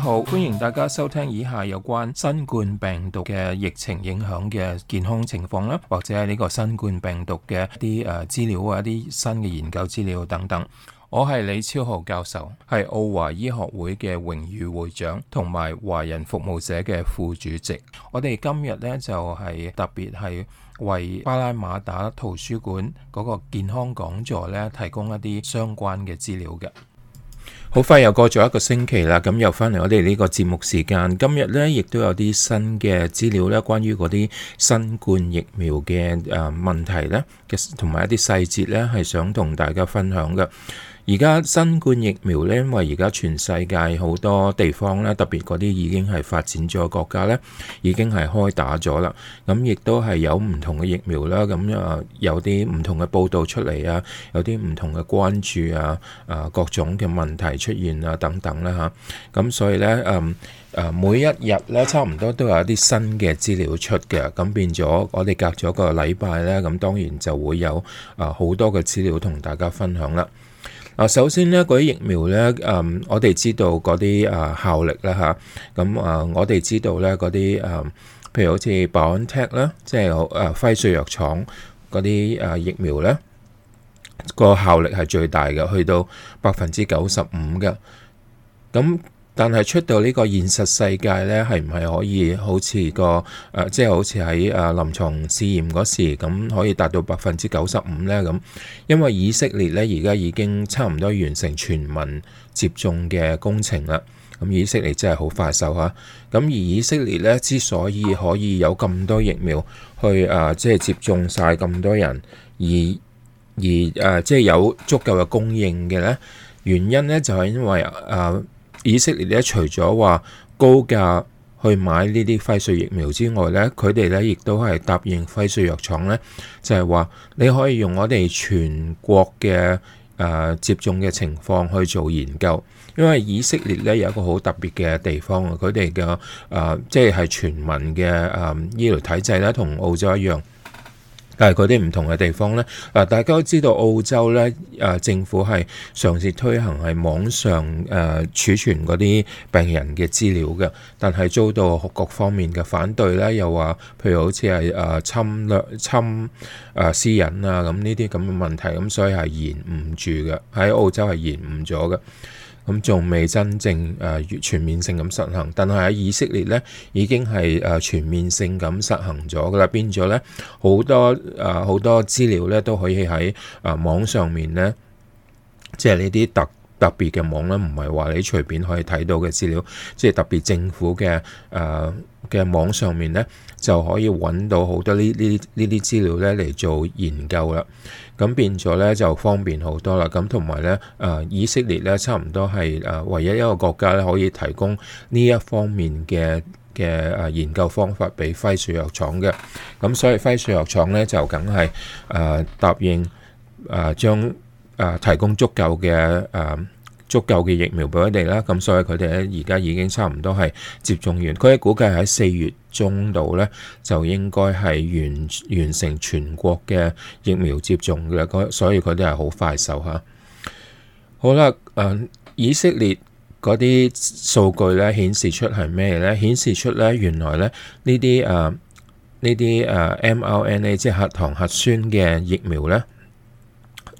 好，歡迎大家收聽以下有關新冠病毒嘅疫情影響嘅健康情況啦，或者係呢個新冠病毒嘅一啲誒資料啊，一啲新嘅研究資料等等。我係李超豪教授，係澳華醫學會嘅榮譽會長，同埋華人服務社嘅副主席。我哋今日咧就係、是、特別係為巴拉馬打圖書館嗰個健康講座咧提供一啲相關嘅資料嘅。好快又過咗一個星期啦，咁又翻嚟我哋呢個節目時間。今日呢，亦都有啲新嘅資料呢，關於嗰啲新冠疫苗嘅誒問題呢嘅，同埋一啲細節呢，係想同大家分享嘅。而家新冠疫苗呢，因為而家全世界好多地方咧，特別嗰啲已經係發展咗國家咧，已經係開打咗啦。咁亦都係有唔同嘅疫苗啦。咁啊，有啲唔同嘅報道出嚟啊，有啲唔同嘅關注啊，各種嘅問題出現啊等等啦吓，咁所以咧，誒啊每一日咧，差唔多都有一啲新嘅資料出嘅。咁變咗我哋隔咗個禮拜咧，咁當然就會有啊好多嘅資料同大家分享啦。啊，首先呢，嗰啲疫苗呢，嗯，我哋知道嗰啲啊效力啦。吓，咁啊，我哋知道咧嗰啲，嗯，譬如好似 BioNTech 咧，即係誒輝瑞藥廠嗰啲啊疫苗咧，個效力係最大嘅，去到百分之九十五嘅，咁。但係出到呢個現實世界呢，係唔係可以好似個誒，即、啊、係、就是、好似喺誒臨床試驗嗰時咁，可以達到百分之九十五呢？咁？因為以色列呢，而家已經差唔多完成全民接種嘅工程啦。咁以色列真係好快手嚇。咁、啊、而以色列呢，之所以可以有咁多疫苗去誒，即、啊、係、就是、接種晒咁多人，而而誒即係有足夠嘅供應嘅呢，原因呢就係、是、因為誒。啊以色列咧除咗話高價去買呢啲輝瑞疫苗之外咧，佢哋咧亦都係答應輝瑞藥廠咧，就係、是、話你可以用我哋全國嘅誒、呃、接種嘅情況去做研究，因為以色列咧有一個好特別嘅地方啊，佢哋嘅誒即係係全民嘅誒、呃、醫療體制咧，同澳洲一樣。但係嗰啲唔同嘅地方呢，啊，大家都知道澳洲呢，啊政府係嘗試推行係網上誒、啊、儲存嗰啲病人嘅資料嘅，但係遭到各方面嘅反對呢，又話譬如好似係誒侵略侵誒、啊、私隱啊，咁呢啲咁嘅問題，咁所以係延唔住嘅，喺澳洲係延誤咗嘅。咁仲未真正誒全面性咁實行，但係喺以色列咧已經係誒全面性咁實行咗噶啦，變咗咧好多誒好、呃、多資料咧都可以喺誒、呃、網上面咧，即係呢啲特。特別嘅網咧，唔係話你隨便可以睇到嘅資料，即係特別政府嘅誒嘅網上面咧，就可以揾到好多呢呢呢啲資料咧嚟做研究啦。咁變咗咧就方便好多啦。咁同埋咧誒以色列咧差唔多係誒唯一一個國家咧可以提供呢一方面嘅嘅誒研究方法俾輝瑞藥廠嘅。咁所以輝瑞藥廠咧就梗係誒答應誒、呃、將。呃，提供足夠嘅，足夠嘅疫苗俾佢哋啦，咁所以佢哋依家已經差唔多係接種完，佢哋估計喺四月中度呢，就應該係完成全國嘅疫苗接種嘅，所以佢哋係好快手，吓。好啦。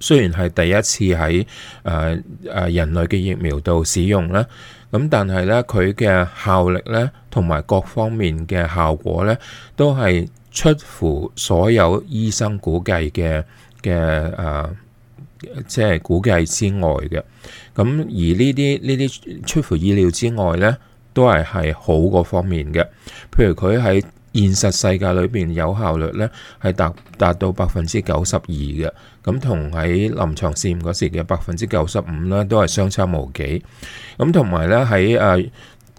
雖然係第一次喺誒誒人類嘅疫苗度使用啦，咁但係咧佢嘅效力咧同埋各方面嘅效果咧，都係出乎所有醫生估計嘅嘅誒，即係、啊就係、估計之外嘅。咁而呢啲呢啲出乎意料之外咧，都係係好個方面嘅。譬如佢喺現實世界裏邊有效率咧係達達到百分之九十二嘅，咁同喺臨床試驗嗰時嘅百分之九十五咧，都係相差無幾。咁同埋咧喺誒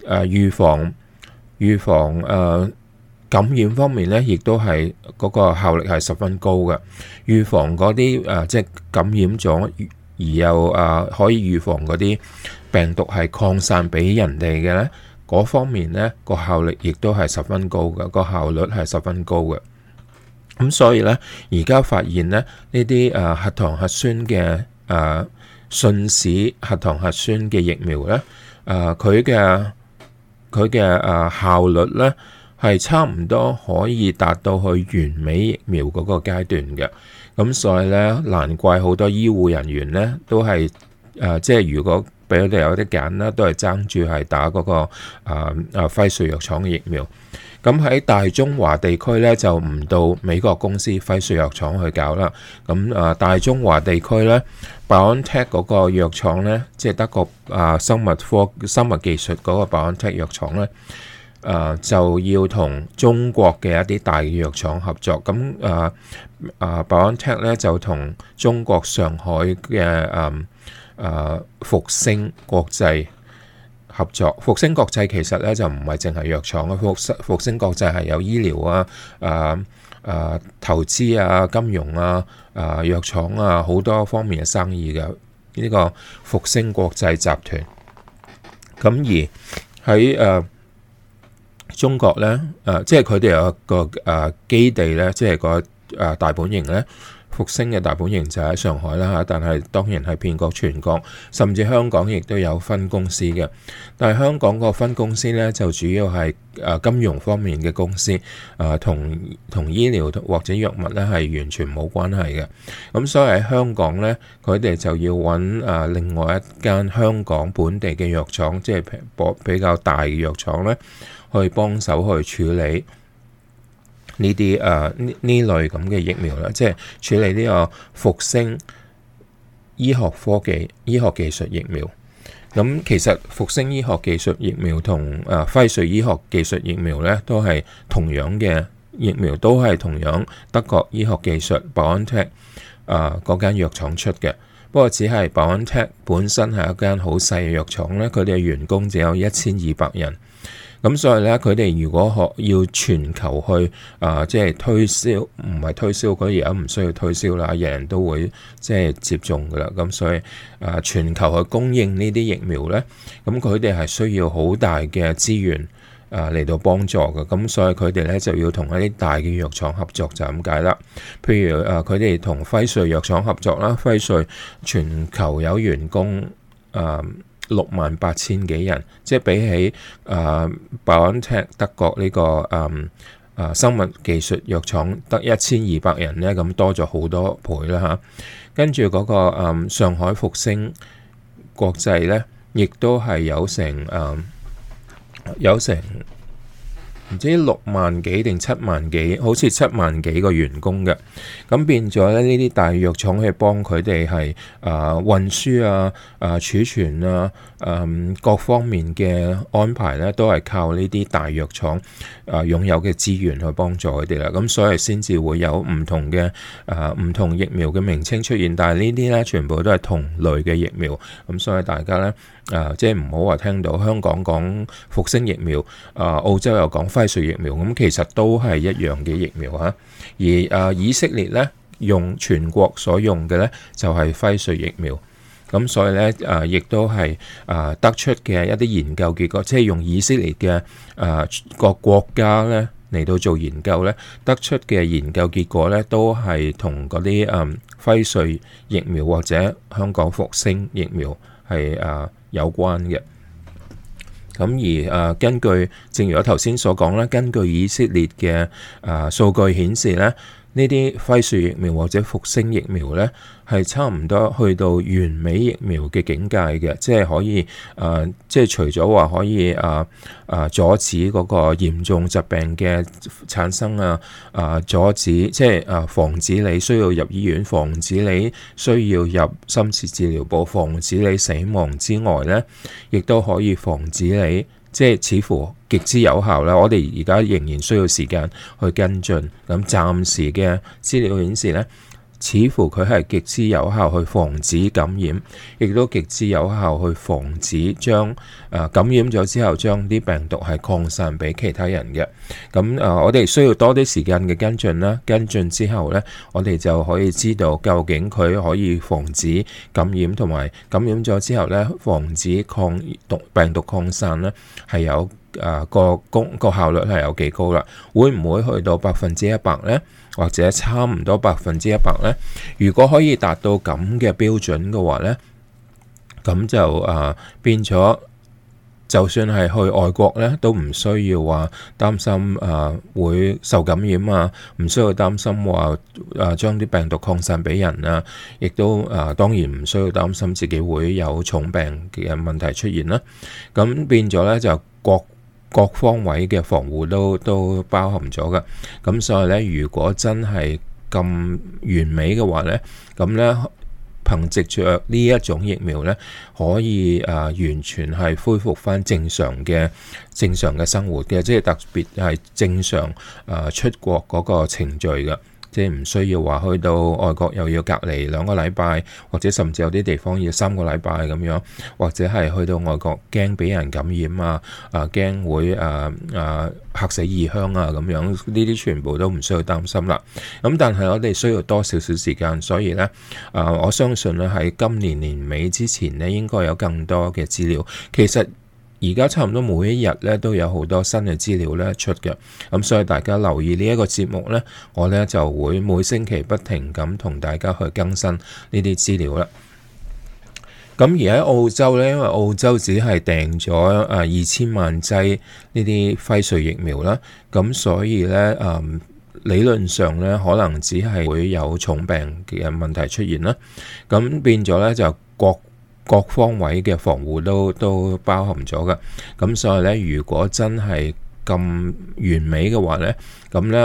誒預防預防誒、啊、感染方面咧，亦都係嗰個效力係十分高嘅。預防嗰啲誒即係感染咗，而又誒、啊、可以預防嗰啲病毒係擴散俾人哋嘅咧。嗰方面呢個效力亦都係十分高嘅，個效率係十分高嘅。咁所以呢，而家發現呢，呢啲誒核糖核酸嘅誒、啊、信使核糖核酸嘅疫苗呢，誒佢嘅佢嘅誒效率呢係差唔多可以達到去完美疫苗嗰個階段嘅。咁所以呢，難怪好多醫護人員呢都係誒、啊，即係如果。俾我哋有啲揀啦，都係爭住係打嗰個啊啊輝瑞藥廠嘅疫苗。咁喺大中華地區咧，就唔到美國公司輝瑞藥廠去搞啦。咁啊，大中華地區咧，BioNTech 嗰個藥廠咧，即係德國啊生物科生物技術嗰個 BioNTech 藥廠咧，誒就要同中國嘅一啲大藥廠合作。咁誒誒 BioNTech 咧就同中國上海嘅誒。誒復星國際合作，復星國際其實咧就唔係淨係藥廠啊，復復星國際係有醫療啊、誒誒投資啊、金融啊、誒藥廠啊好多方面嘅生意嘅呢個復星國際集團。咁而喺誒中國咧，誒即係佢哋有一個誒基地咧，即係個誒大本營咧。復星嘅大本營就喺上海啦嚇，但係當然係遍過全國，甚至香港亦都有分公司嘅。但係香港個分公司呢，就主要係誒金融方面嘅公司，誒、啊、同同醫療或者藥物呢係完全冇關係嘅。咁所以喺香港呢，佢哋就要揾誒另外一間香港本地嘅藥廠，即係比較大嘅藥廠呢，去幫手去處理，呢啲誒呢呢類咁嘅疫苗啦，即係處理呢個復星醫學科技醫學技術疫苗。咁、嗯、其實復星醫學技術疫苗同誒、呃、輝瑞醫學技術疫苗咧，都係同樣嘅疫苗，都係同樣德國醫學技術保安 o n t e c 嗰間藥廠出嘅。不過只係保安 o 本身係一間好細嘅藥廠咧，佢哋嘅員工只有一千二百人。咁所以咧，佢哋如果學要全球去啊，呃，即係推銷，唔係推銷，佢而家唔需要推銷啦，人人都會即係接種噶啦。咁所以啊，呃，全球去供應呢啲疫苗咧，咁佢哋係需要好大嘅資源啊嚟，呃、到幫助嘅。咁所以佢哋咧就要同一啲大嘅藥廠合作就咁解啦。譬如啊，佢哋同輝瑞藥廠合作啦，輝瑞全球有員工啊。呃六萬八千幾人，即係比起誒 BioNTech 德國呢、這個誒、呃啊、生物技術藥廠得一千二百人咧，咁多咗好多倍啦嚇。跟住嗰、那個、呃、上海復星國際咧，亦都係有成誒有成。呃有成唔知六萬幾定七萬幾，好似七萬幾個員工嘅，咁變咗咧呢啲大藥廠去幫佢哋係啊運輸啊、啊儲存啊、嗯各方面嘅安排咧，都係靠呢啲大藥廠啊擁有嘅資源去幫助佢哋啦。咁所以先至會有唔同嘅啊唔同疫苗嘅名稱出現，但係呢啲咧全部都係同類嘅疫苗，咁所以大家咧。誒，即係唔好話聽到香港講復星疫苗，誒澳洲又講輝瑞疫苗，咁其實都係一樣嘅疫苗嚇。而誒以色列咧，用全國所用嘅咧就係輝瑞疫苗，咁所以咧誒亦都係誒得出嘅一啲研究結果，即係用以色列嘅誒個國家咧嚟到做研究咧，得出嘅研究結果咧都係同嗰啲誒輝瑞疫苗或者香港復星疫苗係誒。有關嘅，咁而誒、呃、根據正如我頭先所講啦，根據以色列嘅誒、呃、數據顯示咧。呢啲輝瑞疫苗或者復星疫苗咧，係差唔多去到完美疫苗嘅境界嘅，即係可以誒、呃，即係除咗話可以誒誒、呃呃、阻止嗰個嚴重疾病嘅產生啊，誒、呃、阻止即係誒防止你需要入醫院，防止你需要入深切治療部，防止你死亡之外咧，亦都可以防止你。即係似乎極之有效啦！我哋而家仍然需要時間去跟進，咁暫時嘅資料顯示咧，似乎佢係極之有效去防止感染，亦都極之有效去防止將誒、呃、感染咗之後，將啲病毒係擴散俾其他人嘅。咁誒、呃，我哋需要多啲時間嘅跟進啦。跟進之後呢，我哋就可以知道究竟佢可以防止感染，同埋感染咗之後呢，防止抗毒病毒擴散呢係有。誒、啊、個工個效率係有幾高啦？會唔會去到百分之一百呢？或者差唔多百分之一百呢？如果可以達到咁嘅標準嘅話呢，咁就誒、啊、變咗，就算係去外國呢，都唔需要話擔心誒、啊、會受感染啊，唔需要擔心話誒、啊、將啲病毒擴散俾人啊，亦都誒、啊、當然唔需要擔心自己會有重病嘅問題出現啦、啊。咁變咗呢，就國。各方位嘅防護都都包含咗嘅，咁所以咧，如果真係咁完美嘅話咧，咁咧憑藉着呢一種疫苗咧，可以誒、呃、完全係恢復翻正常嘅正常嘅生活嘅，即係特別係正常誒、呃、出國嗰個程序嘅。即唔需要話去到外國又要隔離兩個禮拜，或者甚至有啲地方要三個禮拜咁樣，或者係去到外國驚俾人感染啊，啊，啊驚會啊啊嚇死異鄉啊咁樣，呢啲全部都唔需要擔心啦。咁但係我哋需要多少少時間，所以呢，啊，我相信呢喺今年年尾之前呢，應該有更多嘅資料。其實。而家差唔多每一日咧都有好多新嘅資料咧出嘅，咁所以大家留意呢一個節目咧，我咧就會每星期不停咁同大家去更新呢啲資料啦。咁而喺澳洲咧，因為澳洲只係訂咗啊二千萬劑呢啲輝瑞疫苗啦，咁所以咧誒、呃、理論上咧可能只係會有重病嘅問題出現啦，咁變咗咧就國。各方位嘅防護都都包含咗嘅，咁所以咧，如果真係咁完美嘅話咧，咁咧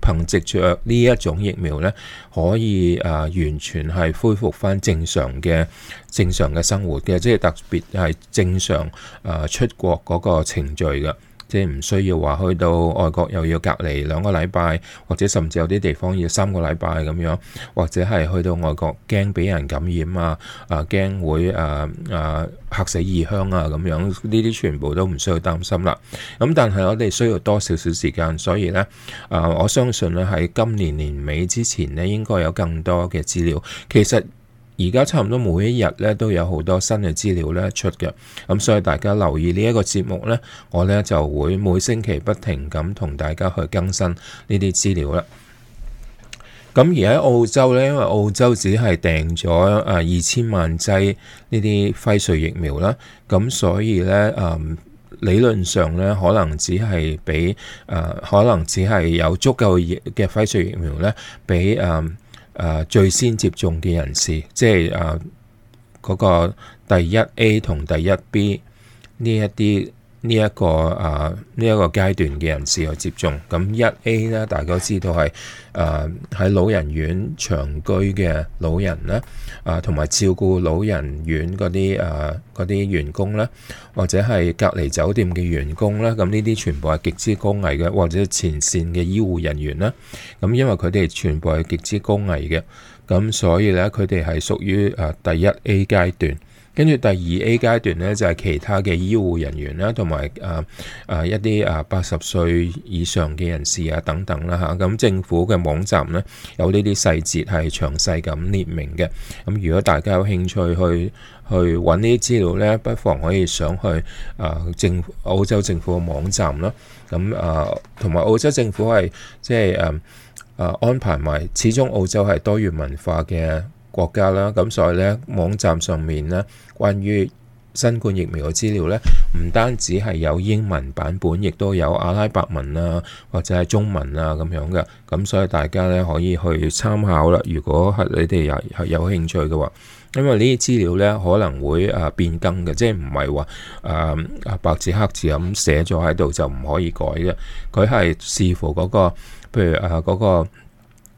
憑借着呢一種疫苗咧，可以誒、呃、完全係恢復翻正常嘅正常嘅生活嘅，即係特別係正常誒、呃、出國嗰個程序嘅。即係唔需要話去到外國又要隔離兩個禮拜，或者甚至有啲地方要三個禮拜咁樣，或者係去到外國驚俾人感染啊，啊驚會啊啊嚇死異鄉啊咁樣，呢啲全部都唔需要擔心啦。咁但係我哋需要多少少時間，所以呢，啊，我相信呢喺今年年尾之前呢，應該有更多嘅資料。其實。而家差唔多每一日咧都有好多新嘅資料咧出嘅，咁所以大家留意節呢一個節目咧，我咧就會每星期不停咁同大家去更新呢啲資料啦。咁而喺澳洲咧，因為澳洲只係訂咗啊二千萬劑呢啲輝瑞疫苗啦，咁所以咧誒、呃、理論上咧可能只係俾誒可能只係有足夠嘅輝瑞疫苗咧俾誒。呃啊，最先接種嘅人士，即係啊，嗰個第一 A 同第一 B 呢一啲。呢一個啊，呢一個階段嘅人士去接種。咁一 A 咧，大家都知道係啊，喺老人院長居嘅老人啦，啊同埋照顧老人院嗰啲啊啲員工啦，或者係隔離酒店嘅員工啦。咁呢啲全部係極之高危嘅，或者前線嘅醫護人員啦。咁因為佢哋全部係極之高危嘅，咁所以咧佢哋係屬於啊第一 A 階段。跟住第二 A 階段咧，就係、是、其他嘅醫護人員啦，同埋誒誒一啲誒八十歲以上嘅人士啊，等等啦嚇。咁、啊、政府嘅網站咧有呢啲細節係詳細咁列明嘅。咁、啊、如果大家有興趣去去搵呢啲資料咧，不妨可以上去誒、啊、政澳洲政府嘅網站啦。咁誒同埋澳洲政府係即係誒誒安排埋，始終澳洲係多元文化嘅國家啦，咁所以咧網站上面咧，關於新冠疫苗嘅資料咧，唔單止係有英文版本，亦都有阿拉伯文啊，或者係中文啊咁樣嘅。咁所以大家咧可以去參考啦。如果係你哋有係有興趣嘅話，因為呢啲資料咧可能會誒、啊、變更嘅，即係唔係話誒白紙黑字咁寫咗喺度就唔可以改嘅。佢係視乎嗰、嗰個，譬如誒嗰、啊嗰個。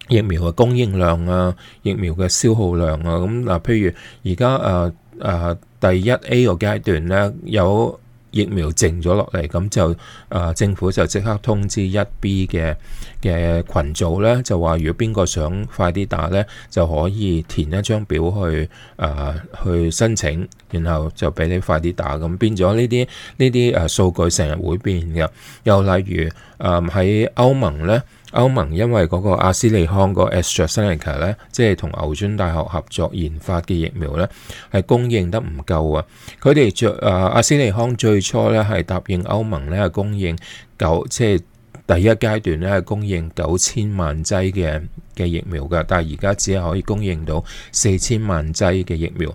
疫苗嘅供應量啊，疫苗嘅消耗量啊，咁嗱，譬如而家誒誒第一 A 個階段咧，有疫苗淨咗落嚟，咁就誒、呃、政府就即刻通知一 B 嘅嘅羣組咧，就話如果邊個想快啲打咧，就可以填一張表去誒、呃、去申請。然後就俾你快啲打，咁變咗呢啲呢啲誒數據成日會變嘅。又例如誒喺歐盟呢，歐盟因為嗰個阿斯利康個 AstraZeneca 咧，即係同牛津大學合作研發嘅疫苗呢，係供應得唔夠啊！佢哋最誒阿斯利康最初呢係答應歐盟呢，係供應九，即係第一階段呢，係供應九千萬劑嘅嘅疫苗嘅，但係而家只係可以供應到四千萬劑嘅疫苗。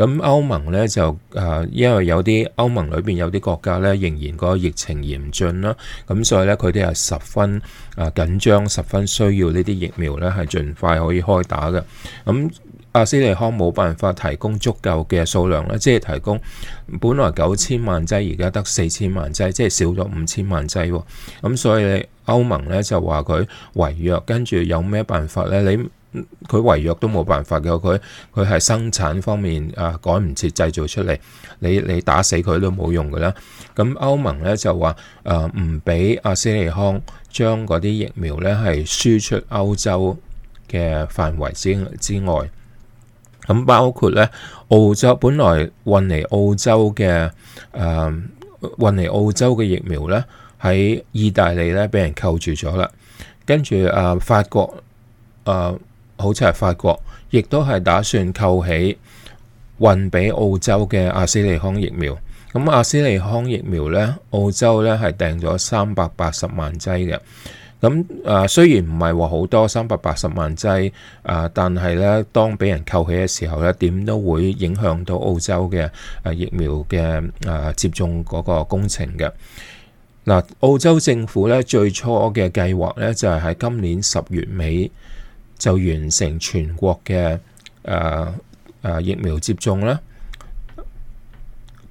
咁歐盟咧就誒，因為有啲歐盟裏邊有啲國家咧，仍然個疫情嚴峻啦，咁所以咧佢哋係十分誒緊張，十分需要呢啲疫苗咧，係盡快可以開打嘅。咁阿斯利康冇辦法提供足夠嘅數量咧，即係提供本來九千萬劑，而家得四千萬劑，即係少咗五千萬劑。咁所以歐盟咧就話佢違約，跟住有咩辦法咧？你？佢違約都冇辦法嘅，佢佢係生產方面啊改唔切製造出嚟，你你打死佢都冇用㗎啦。咁歐盟咧就話誒唔俾阿斯利康將嗰啲疫苗咧係輸出歐洲嘅範圍之之外，咁包括咧澳洲。本來運嚟澳洲嘅誒、啊、運嚟澳洲嘅疫苗咧喺意大利咧俾人扣住咗啦，跟住誒、啊、法國誒。啊好似係法國，亦都係打算扣起運俾澳洲嘅阿斯利康疫苗。咁阿斯利康疫苗呢，澳洲呢係訂咗三百八十萬劑嘅。咁誒、啊、雖然唔係話好多三百八十萬劑，誒、啊、但係呢，當俾人扣起嘅時候呢，點都會影響到澳洲嘅誒疫苗嘅誒、啊、接種嗰個工程嘅。嗱，澳洲政府呢，最初嘅計劃呢就係、是、喺今年十月尾。就完成全國嘅誒、啊啊、疫苗接種啦。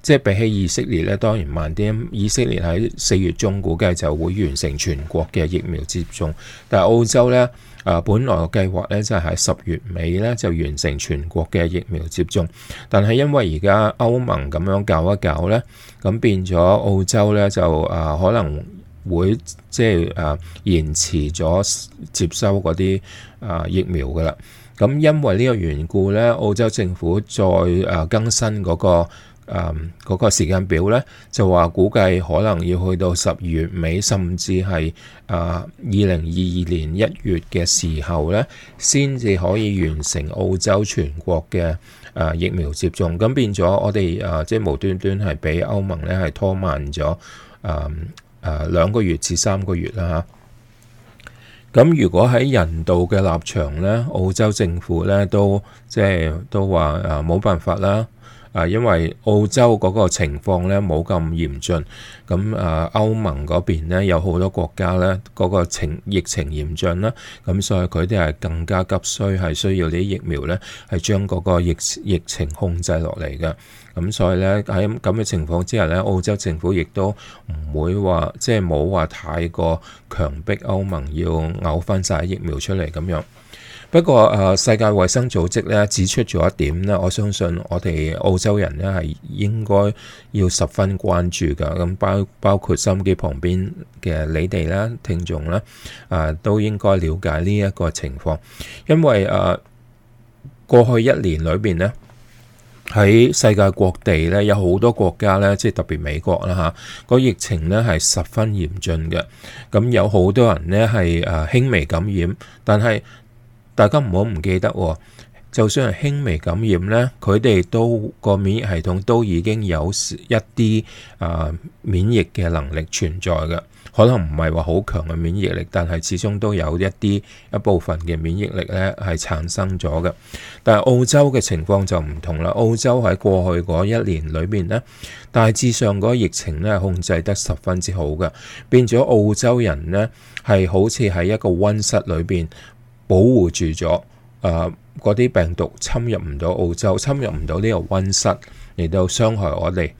即係比起以色列咧，當然慢啲。以色列喺四月中估計就會完成全國嘅疫苗接種，但係澳洲咧誒、啊，本來嘅計劃咧，就係喺十月尾咧就完成全國嘅疫苗接種，但係因為而家歐盟咁樣搞一搞咧，咁變咗澳洲咧就誒、啊、可能。會即係誒、啊、延遲咗接收嗰啲誒疫苗㗎喇，咁因為呢個緣故呢，澳洲政府再誒更新嗰、那個誒嗰、啊那個時間表呢，就話估計可能要去到十月尾，甚至係誒二零二二年一月嘅時候呢，先至可以完成澳洲全國嘅誒、啊、疫苗接種。咁變咗我哋誒、啊、即係無端端係俾歐盟呢係拖慢咗誒。啊誒兩、啊、個月至三個月啦咁、啊、如果喺人道嘅立場呢，澳洲政府呢都即係、就是、都話誒冇辦法啦，誒、啊、因為澳洲嗰個情況呢冇咁嚴峻，咁誒歐盟嗰邊咧有好多國家呢嗰、嗰個情疫情嚴峻啦，咁所以佢哋係更加急需係需要啲疫苗呢係將嗰個疫疫情控制落嚟嘅。咁所以咧喺咁嘅情況之下咧，澳洲政府亦都唔會話即係冇話太過強迫歐盟要嘔翻晒疫苗出嚟咁樣。不過誒、啊，世界衞生組織咧指出咗一點咧，我相信我哋澳洲人咧係應該要十分關注噶。咁包括包括心機旁邊嘅你哋啦、聽眾啦，誒、啊、都應該了解呢一個情況，因為誒、啊、過去一年裏邊呢。喺世界各地咧，有好多國家咧，即係特別美國啦吓，個疫情咧係十分嚴峻嘅。咁有好多人咧係誒輕微感染，但係大家唔好唔記得喎，就算係輕微感染咧，佢哋都個免疫系統都已經有一啲誒免疫嘅能力存在嘅。可能唔係話好強嘅免疫力，但係始終都有一啲一部分嘅免疫力咧係產生咗嘅。但係澳洲嘅情況就唔同啦，澳洲喺過去嗰一年裏面呢，大致上嗰個疫情咧控制得十分之好嘅，變咗澳洲人呢，係好似喺一個溫室裏邊保護住咗誒。呃嗰啲病毒侵入唔到澳洲，侵入唔到呢個溫室嚟到傷害我哋。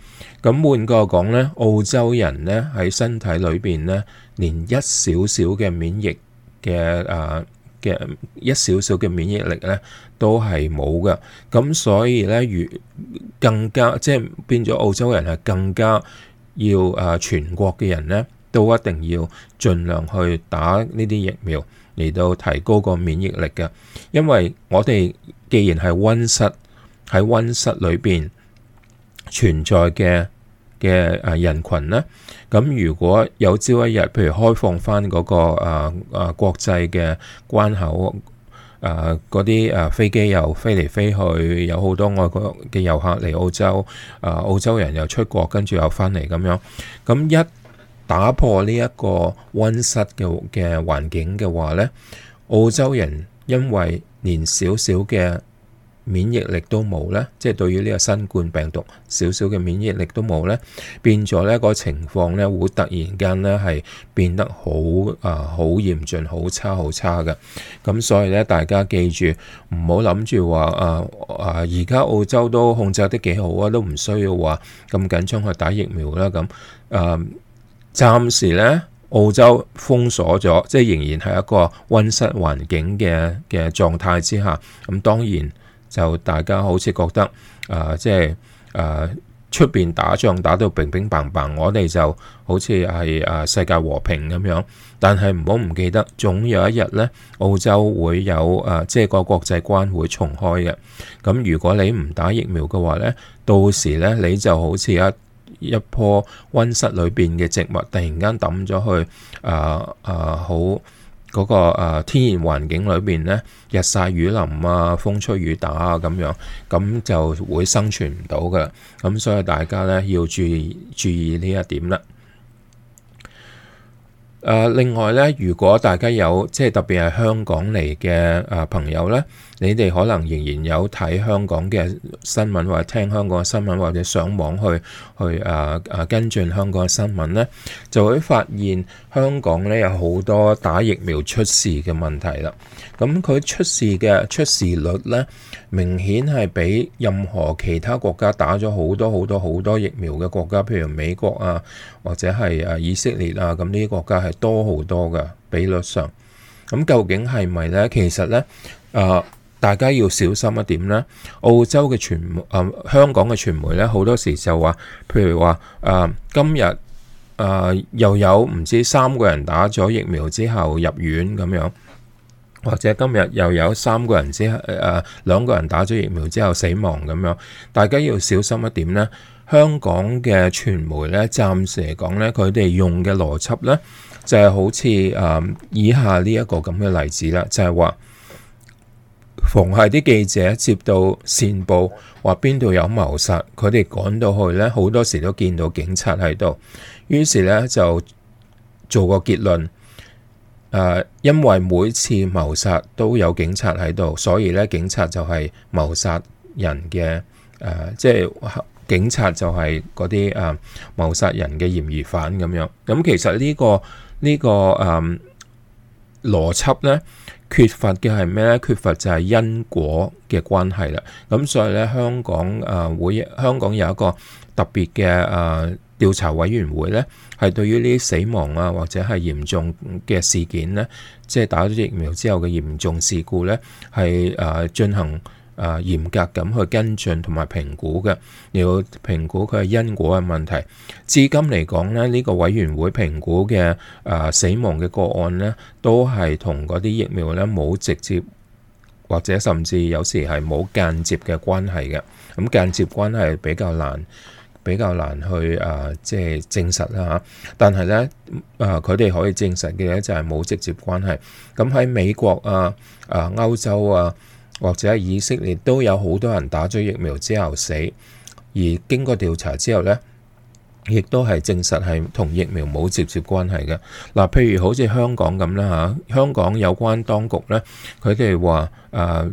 咁換句講咧，澳洲人咧喺身體裏邊咧，連一少少嘅免疫嘅誒嘅一少少嘅免疫力咧都係冇嘅。咁所以咧，如更加即係變咗澳洲人係更加要誒、啊、全國嘅人咧都一定要盡量去打呢啲疫苗。嚟到提高個免疫力嘅，因為我哋既然係温室喺温室裏邊存在嘅嘅誒人群咧，咁如果有朝一日，譬如開放翻嗰個誒誒國際嘅關口，誒嗰啲誒飛機又飛嚟飛去，有好多外國嘅遊客嚟澳洲，誒澳洲人又出國跟住又翻嚟咁樣咁一。打破呢一個温室嘅嘅環境嘅話呢，澳洲人因為連少少嘅免疫力都冇呢，即係對於呢個新冠病毒少少嘅免疫力都冇呢，變咗呢個情況呢，會突然間呢係變得好啊，好嚴峻、好差、好差嘅。咁所以呢，大家記住唔好諗住話啊啊，而家澳洲都控制得幾好啊，都唔需要話咁緊張去打疫苗啦咁啊。暫時咧，澳洲封鎖咗，即係仍然係一個温室環境嘅嘅狀態之下。咁當然就大家好似覺得，誒、呃、即係出邊打仗打到乒乒乓乓，我哋就好似係誒世界和平咁樣。但係唔好唔記得，總有一日咧，澳洲會有誒、啊，即係個國際關會重開嘅。咁如果你唔打疫苗嘅話咧，到時咧你就好似一一樖温室裏邊嘅植物，突然間抌咗去啊、啊好嗰個啊天然環境裏邊呢，日曬雨淋啊，風吹雨打啊咁樣，咁就會生存唔到嘅。咁所以大家呢要注意注意呢一點啦。誒，另外呢，如果大家有即係特別係香港嚟嘅誒朋友呢。你哋可能仍然有睇香港嘅新聞，或者聽香港嘅新聞，或者上網去去啊啊跟進香港嘅新聞呢，就會發現香港呢有好多打疫苗出事嘅問題啦。咁佢出事嘅出事率呢，明顯係比任何其他國家打咗好多好多好多疫苗嘅國家，譬如美國啊，或者係啊以色列啊，咁呢啲國家係多好多嘅，比率上。咁究竟係咪呢？其實呢。啊～大家要小心一點咧。澳洲嘅傳媒，誒、呃、香港嘅傳媒咧，好多時就話，譬如話，誒、呃、今日誒、呃、又有唔知三個人打咗疫苗之後入院咁樣，或者今日又有三個人之後誒、呃、兩個人打咗疫苗之後死亡咁樣。大家要小心一點咧。香港嘅傳媒咧，暫時嚟講咧，佢哋用嘅邏輯呢，就係、是、好似誒、呃、以下呢一個咁嘅例子啦，就係、是、話。逢係啲記者接到線報，話邊度有謀殺，佢哋趕到去呢，好多時都見到警察喺度，於是呢，就做個結論、呃，因為每次謀殺都有警察喺度，所以呢，警察就係謀殺人嘅，誒、呃，即係警察就係嗰啲誒謀殺人嘅嫌疑犯咁樣。咁、嗯、其實呢、呢個呢、呢個誒、呃、邏輯呢。缺乏嘅係咩咧？缺乏就係因果嘅關係啦。咁所以咧，香港啊、呃、會香港有一個特別嘅啊調查委員會咧，係對於呢啲死亡啊或者係嚴重嘅事件咧，即、就、係、是、打咗疫苗之後嘅嚴重事故咧，係啊進行。啊，嚴格咁去跟進同埋評估嘅，又要評估佢係因果嘅問題。至今嚟講咧，呢個委員會評估嘅啊死亡嘅個案咧，都係同嗰啲疫苗咧冇直接或者甚至有時係冇間接嘅關係嘅。咁間接關係比較難，比較難去啊，即係證實啦嚇。但係咧啊，佢哋可以證實嘅咧就係冇直接關係。咁喺美國啊、啊歐洲啊。或者以色列都有好多人打咗疫苗之後死，而經過調查之後呢，亦都係證實係同疫苗冇直接，接關係嘅。嗱、啊，譬如好似香港咁啦嚇，香港有關當局呢，佢哋話誒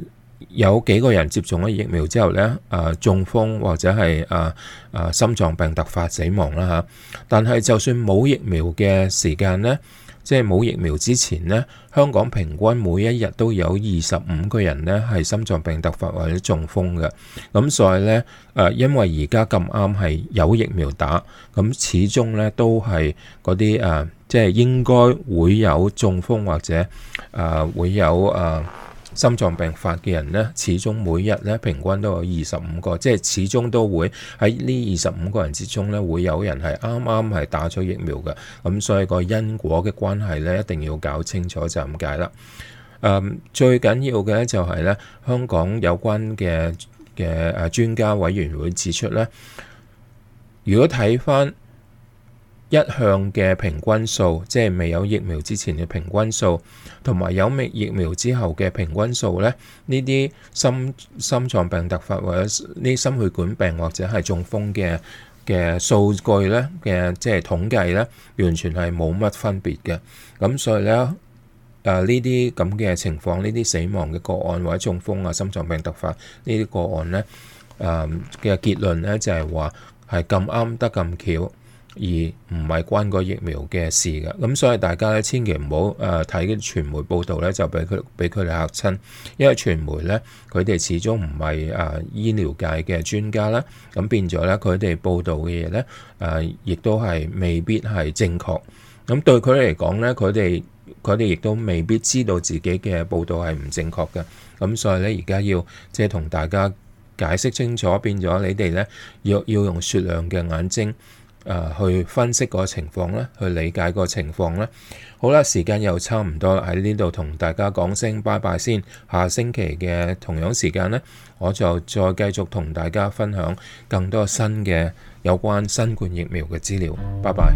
有幾個人接種咗疫苗之後呢，誒、啊、中風或者係誒誒心臟病突發死亡啦嚇、啊，但係就算冇疫苗嘅時間呢。即係冇疫苗之前呢，香港平均每一日都有二十五個人呢係心臟病突發或者中風嘅。咁所以呢，誒、呃，因為而家咁啱係有疫苗打，咁始終呢都係嗰啲誒，即係應該會有中風或者誒、呃、會有誒。呃心臟病發嘅人呢，始終每日呢，平均都有二十五個，即係始終都會喺呢二十五個人之中呢，會有人係啱啱係打咗疫苗嘅，咁、嗯、所以個因果嘅關係呢，一定要搞清楚就咁解啦。最緊要嘅咧就係呢香港有關嘅嘅誒專家委員會指出呢，如果睇返。一向嘅平均數，即係未有疫苗之前嘅平均數，同埋有未疫苗之後嘅平均數咧，呢啲心心臟病突發或者呢啲心血管病或者係中風嘅嘅數據咧嘅即係統計咧，完全係冇乜分別嘅。咁所以咧，誒呢啲咁嘅情況，呢啲死亡嘅個案或者中風啊、心臟病突發呢啲個案咧，誒嘅結論咧就係話係咁啱得咁巧。而唔係關個疫苗嘅事嘅，咁所以大家咧千祈唔好誒睇啲傳媒報道咧，就俾佢俾佢哋嚇親，因為傳媒咧佢哋始終唔係誒醫療界嘅專家啦，咁變咗咧佢哋報道嘅嘢咧誒，亦都係未必係正確。咁對佢嚟講咧，佢哋佢哋亦都未必知道自己嘅報道係唔正確嘅。咁所以咧，而家要即係同大家解釋清楚，變咗你哋咧要要用雪亮嘅眼睛。去分析個情況啦，去理解個情況啦。好啦，時間又差唔多啦，喺呢度同大家講聲拜拜先。下星期嘅同樣時間呢，我就再繼續同大家分享更多新嘅有關新冠疫苗嘅資料。拜拜。